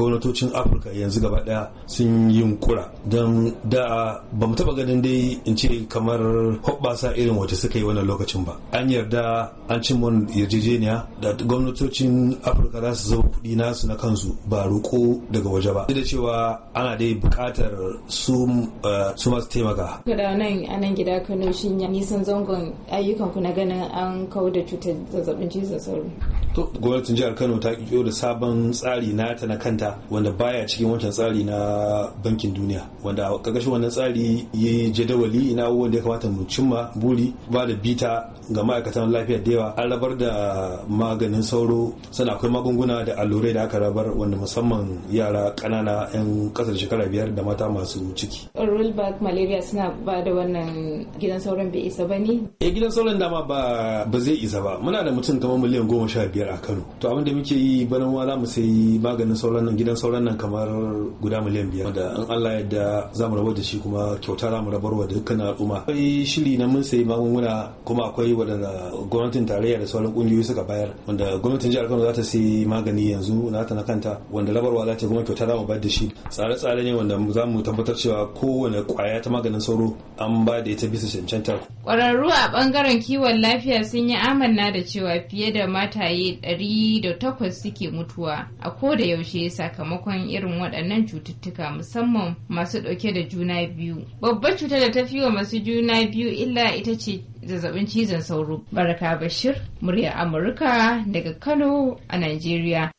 gwamnatocin afirka yanzu gaba daya sun yi kura don da ba mu taba ganin dai in ce kamar hoɓɓasa irin wacce suka yi wannan lokacin ba an yarda an cin mun yarjejeniya da gwamnatocin afirka za su zama kuɗi nasu na kansu ba roƙo daga waje ba da cewa ana dai buƙatar su eh, masu taimaka nan a nan gida kano shi nisan zangon ku na ganin an kawo da cutar zazzabin cizon sauro gwamnatin jihar kano ta ƙiƙo da sabon tsari nata na kanta wanda baya cikin wancan tsari na bankin duniya wanda a ƙarƙashin wannan tsari ya yi jadawali ina wanda ya kamata mu cimma buri ba da bita ga ma'aikatan lafiya da yawa an rabar da maganin sauro sannan akwai magunguna da allurai da aka rabar wanda musamman yara ƙanana 'yan ƙasar shekara biyar da mata masu ciki. Rulback malaria suna ba da wannan gidan sauron bai isa ba ne? E gidan sauron dama ba zai isa ba muna da mutum kamar miliyan goma sha biyar a Kano to abin da muke yi bana wala mu sai maganin sauron nan gidan sauran nan kamar guda miliyan biyar da an Allah yadda za mu rabar da shi kuma kyauta za mu rabar wa dukkan al'umma akwai shiri na mun sayi magunguna kuma akwai wadanda gwamnatin tarayya da sauran kungiyoyi suka bayar wanda gwamnatin jihar Kano za ta sayi magani yanzu na ta na kanta wanda rabarwa za ta kuma kyauta za mu bayar da shi tsare-tsare ne wanda za mu tabbatar cewa kowane kwaya ta maganin sauro an ba da ita bisa cancanta kwararru a bangaren kiwon lafiya sun yi amanna da cewa fiye da mataye 108 suke mutuwa a koda yaushe sakamakon irin waɗannan cututtuka musamman masu ɗauke da juna biyu babbar cutar da ta fi wa masu juna biyu illa ita ce zazzabin cizon sauro baraka bashir murya amurka daga kano a najeriya